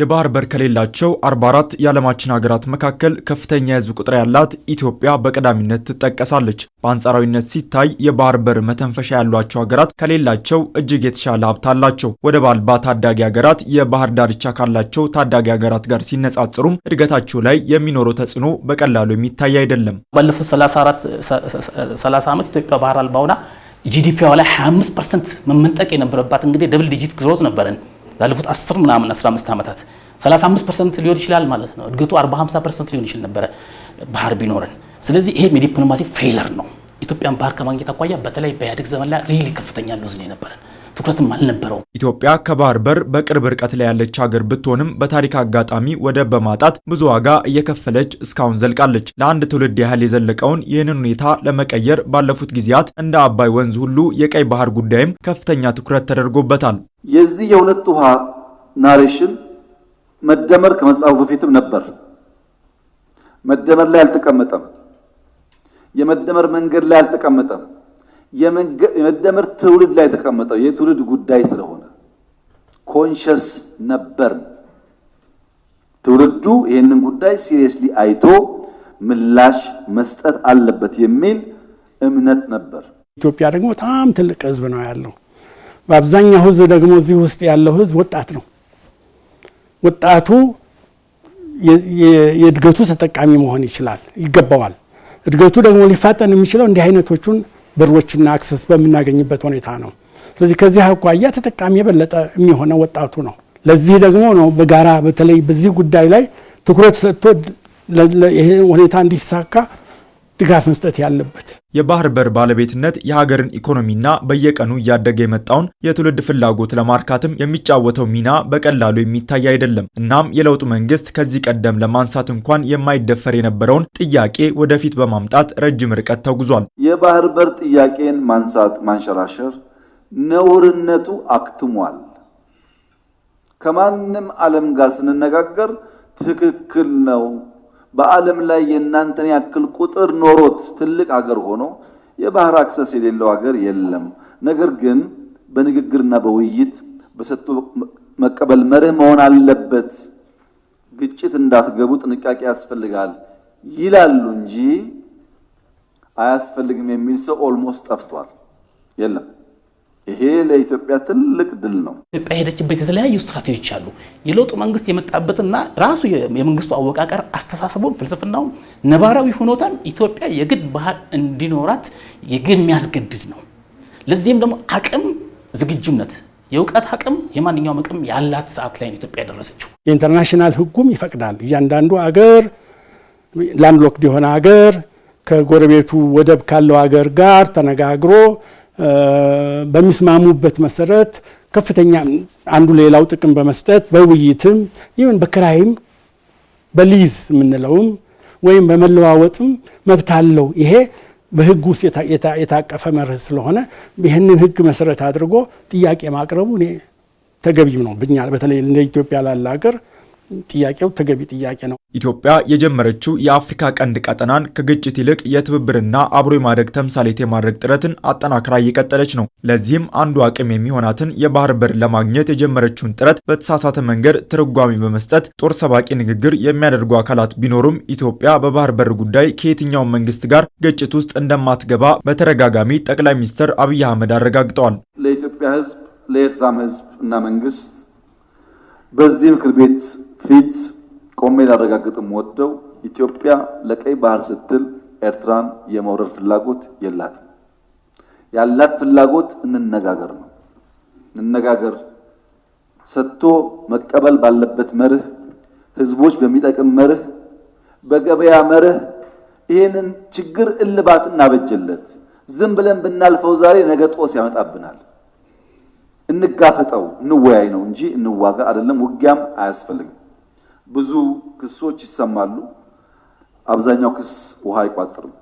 የባህር በር ከሌላቸው 44 የዓለማችን ሀገራት መካከል ከፍተኛ የሕዝብ ቁጥር ያላት ኢትዮጵያ በቀዳሚነት ትጠቀሳለች። በአንጻራዊነት ሲታይ የባህር በር መተንፈሻ ያሏቸው ሀገራት ከሌላቸው እጅግ የተሻለ ሀብት አላቸው። ወደብ አልባ ታዳጊ ሀገራት የባህር ዳርቻ ካላቸው ታዳጊ ሀገራት ጋር ሲነጻጽሩም እድገታቸው ላይ የሚኖረው ተጽዕኖ በቀላሉ የሚታይ አይደለም። ባለፉት 34 ዓመት ኢትዮጵያ ባህር አልባ ሆና ጂዲፒዋ ላይ 25 ፐርሰንት መመንጠቅ የነበረባት እንግዲህ ደብል ዲጂት ግሮዝ ነበረን ላለፉት 10 ምናምን 15 ዓመታት 35 ፐርሰንት ሊሆን ይችላል ማለት ነው። እድገቱ 40 50 ፐርሰንት ሊሆን ይችል ነበረ ባህር ቢኖረን። ስለዚህ ይሄም የዲፕሎማቲክ ፌይለር ነው። ኢትዮጵያን ባህር ከማግኘት አኳያ በተለይ በኢህአዴግ ዘመን ላይ ሪሊ ከፍተኛ ሉዝ ነው የነበረን። ትኩረትም አልነበረው። ኢትዮጵያ ከባህር በር በቅርብ ርቀት ላይ ያለች ሀገር ብትሆንም በታሪክ አጋጣሚ ወደብ በማጣት ብዙ ዋጋ እየከፈለች እስካሁን ዘልቃለች። ለአንድ ትውልድ ያህል የዘለቀውን ይህንን ሁኔታ ለመቀየር ባለፉት ጊዜያት እንደ አባይ ወንዝ ሁሉ የቀይ ባህር ጉዳይም ከፍተኛ ትኩረት ተደርጎበታል። የዚህ የሁለት ውሃ ናሬሽን መደመር ከመጻፉ በፊትም ነበር። መደመር ላይ አልተቀመጠም። የመደመር መንገድ ላይ አልተቀመጠም። የመደመር ትውልድ ላይ የተቀመጠው የትውልድ ጉዳይ ስለሆነ ኮንሽስ ነበር። ትውልዱ ይህንን ጉዳይ ሲሪየስሊ አይቶ ምላሽ መስጠት አለበት የሚል እምነት ነበር። ኢትዮጵያ ደግሞ በጣም ትልቅ ሕዝብ ነው ያለው። በአብዛኛው ህዝብ ደግሞ እዚህ ውስጥ ያለው ህዝብ ወጣት ነው። ወጣቱ የእድገቱ ተጠቃሚ መሆን ይችላል ይገባዋል። እድገቱ ደግሞ ሊፋጠን የሚችለው እንዲህ አይነቶቹን በሮችና አክሰስ በምናገኝበት ሁኔታ ነው። ስለዚህ ከዚህ አኳያ ተጠቃሚ የበለጠ የሚሆነው ወጣቱ ነው። ለዚህ ደግሞ ነው በጋራ በተለይ በዚህ ጉዳይ ላይ ትኩረት ሰጥቶ ይሄ ሁኔታ እንዲሳካ ድጋፍ መስጠት ያለበት። የባህር በር ባለቤትነት የሀገርን ኢኮኖሚና በየቀኑ እያደገ የመጣውን የትውልድ ፍላጎት ለማርካትም የሚጫወተው ሚና በቀላሉ የሚታይ አይደለም። እናም የለውጡ መንግስት ከዚህ ቀደም ለማንሳት እንኳን የማይደፈር የነበረውን ጥያቄ ወደፊት በማምጣት ረጅም ርቀት ተጉዟል። የባህር በር ጥያቄን ማንሳት ማንሸራሸር ነውርነቱ አክትሟል። ከማንም ዓለም ጋር ስንነጋገር ትክክል ነው በዓለም ላይ የእናንተን ያክል ቁጥር ኖሮት ትልቅ አገር ሆኖ የባህር አክሰስ የሌለው አገር የለም። ነገር ግን በንግግርና በውይይት በሰጥቶ መቀበል መርህ መሆን አለበት። ግጭት እንዳትገቡ ጥንቃቄ ያስፈልጋል ይላሉ እንጂ አያስፈልግም የሚል ሰው ኦልሞስት ጠፍቷል፣ የለም። ይሄ ለኢትዮጵያ ትልቅ ድል ነው። ኢትዮጵያ ሄደችበት የተለያዩ ስትራቴጂዎች አሉ። የለውጥ መንግስት የመጣበትና ራሱ የመንግስቱ አወቃቀር አስተሳሰቡም፣ ፍልስፍናው ነባራዊ ሁኔታም ኢትዮጵያ የግድ ባህል እንዲኖራት የሚያስገድድ ነው። ለዚህም ደግሞ አቅም፣ ዝግጁነት፣ የእውቀት አቅም የማንኛውም አቅም ያላት ሰዓት ላይ ኢትዮጵያ ደረሰችው። የኢንተርናሽናል ህጉም ይፈቅዳል። እያንዳንዱ አገር ላንድሎክድ የሆነ አገር ከጎረቤቱ ወደብ ካለው አገር ጋር ተነጋግሮ በሚስማሙበት መሰረት ከፍተኛ አንዱ ሌላው ጥቅም በመስጠት በውይይትም ይሁን በክራይም በሊዝ የምንለውም ወይም በመለዋወጥም መብት አለው። ይሄ በህግ ውስጥ የታቀፈ መርህ ስለሆነ ይህንን ህግ መሰረት አድርጎ ጥያቄ ማቅረቡ እኔ ተገቢም ነው ብኛል። በተለይ እንደ ኢትዮጵያ ላለ ሀገር ጥያቄው ተገቢ ጥያቄ ነው። ኢትዮጵያ የጀመረችው የአፍሪካ ቀንድ ቀጠናን ከግጭት ይልቅ የትብብርና አብሮ የማደግ ተምሳሌት የማድረግ ጥረትን አጠናክራ እየቀጠለች ነው። ለዚህም አንዱ አቅም የሚሆናትን የባህር በር ለማግኘት የጀመረችውን ጥረት በተሳሳተ መንገድ ትርጓሜ በመስጠት ጦር ሰባቂ ንግግር የሚያደርጉ አካላት ቢኖሩም ኢትዮጵያ በባህር በር ጉዳይ ከየትኛውም መንግስት ጋር ግጭት ውስጥ እንደማትገባ በተደጋጋሚ ጠቅላይ ሚኒስትር አብይ አህመድ አረጋግጠዋል። ለኢትዮጵያ ህዝብ፣ ለኤርትራም ህዝብ እና መንግስት በዚህ ምክር ቤት ፊት ቆሜ ላረጋግጥም ወደው ኢትዮጵያ ለቀይ ባህር ስትል ኤርትራን የመውረር ፍላጎት የላትም። ያላት ፍላጎት እንነጋገር ነው። እንነጋገር ሰጥቶ መቀበል ባለበት መርህ፣ ህዝቦች በሚጠቅም መርህ፣ በገበያ መርህ ይህንን ችግር እልባት እናበጀለት። ዝም ብለን ብናልፈው ዛሬ ነገ ጦስ ያመጣብናል። እንጋፈጠው፣ እንወያይ ነው እንጂ እንዋጋ አይደለም። ውጊያም አያስፈልግም። ብዙ ክሶች ይሰማሉ። አብዛኛው ክስ ውሃ አይቋጥርም።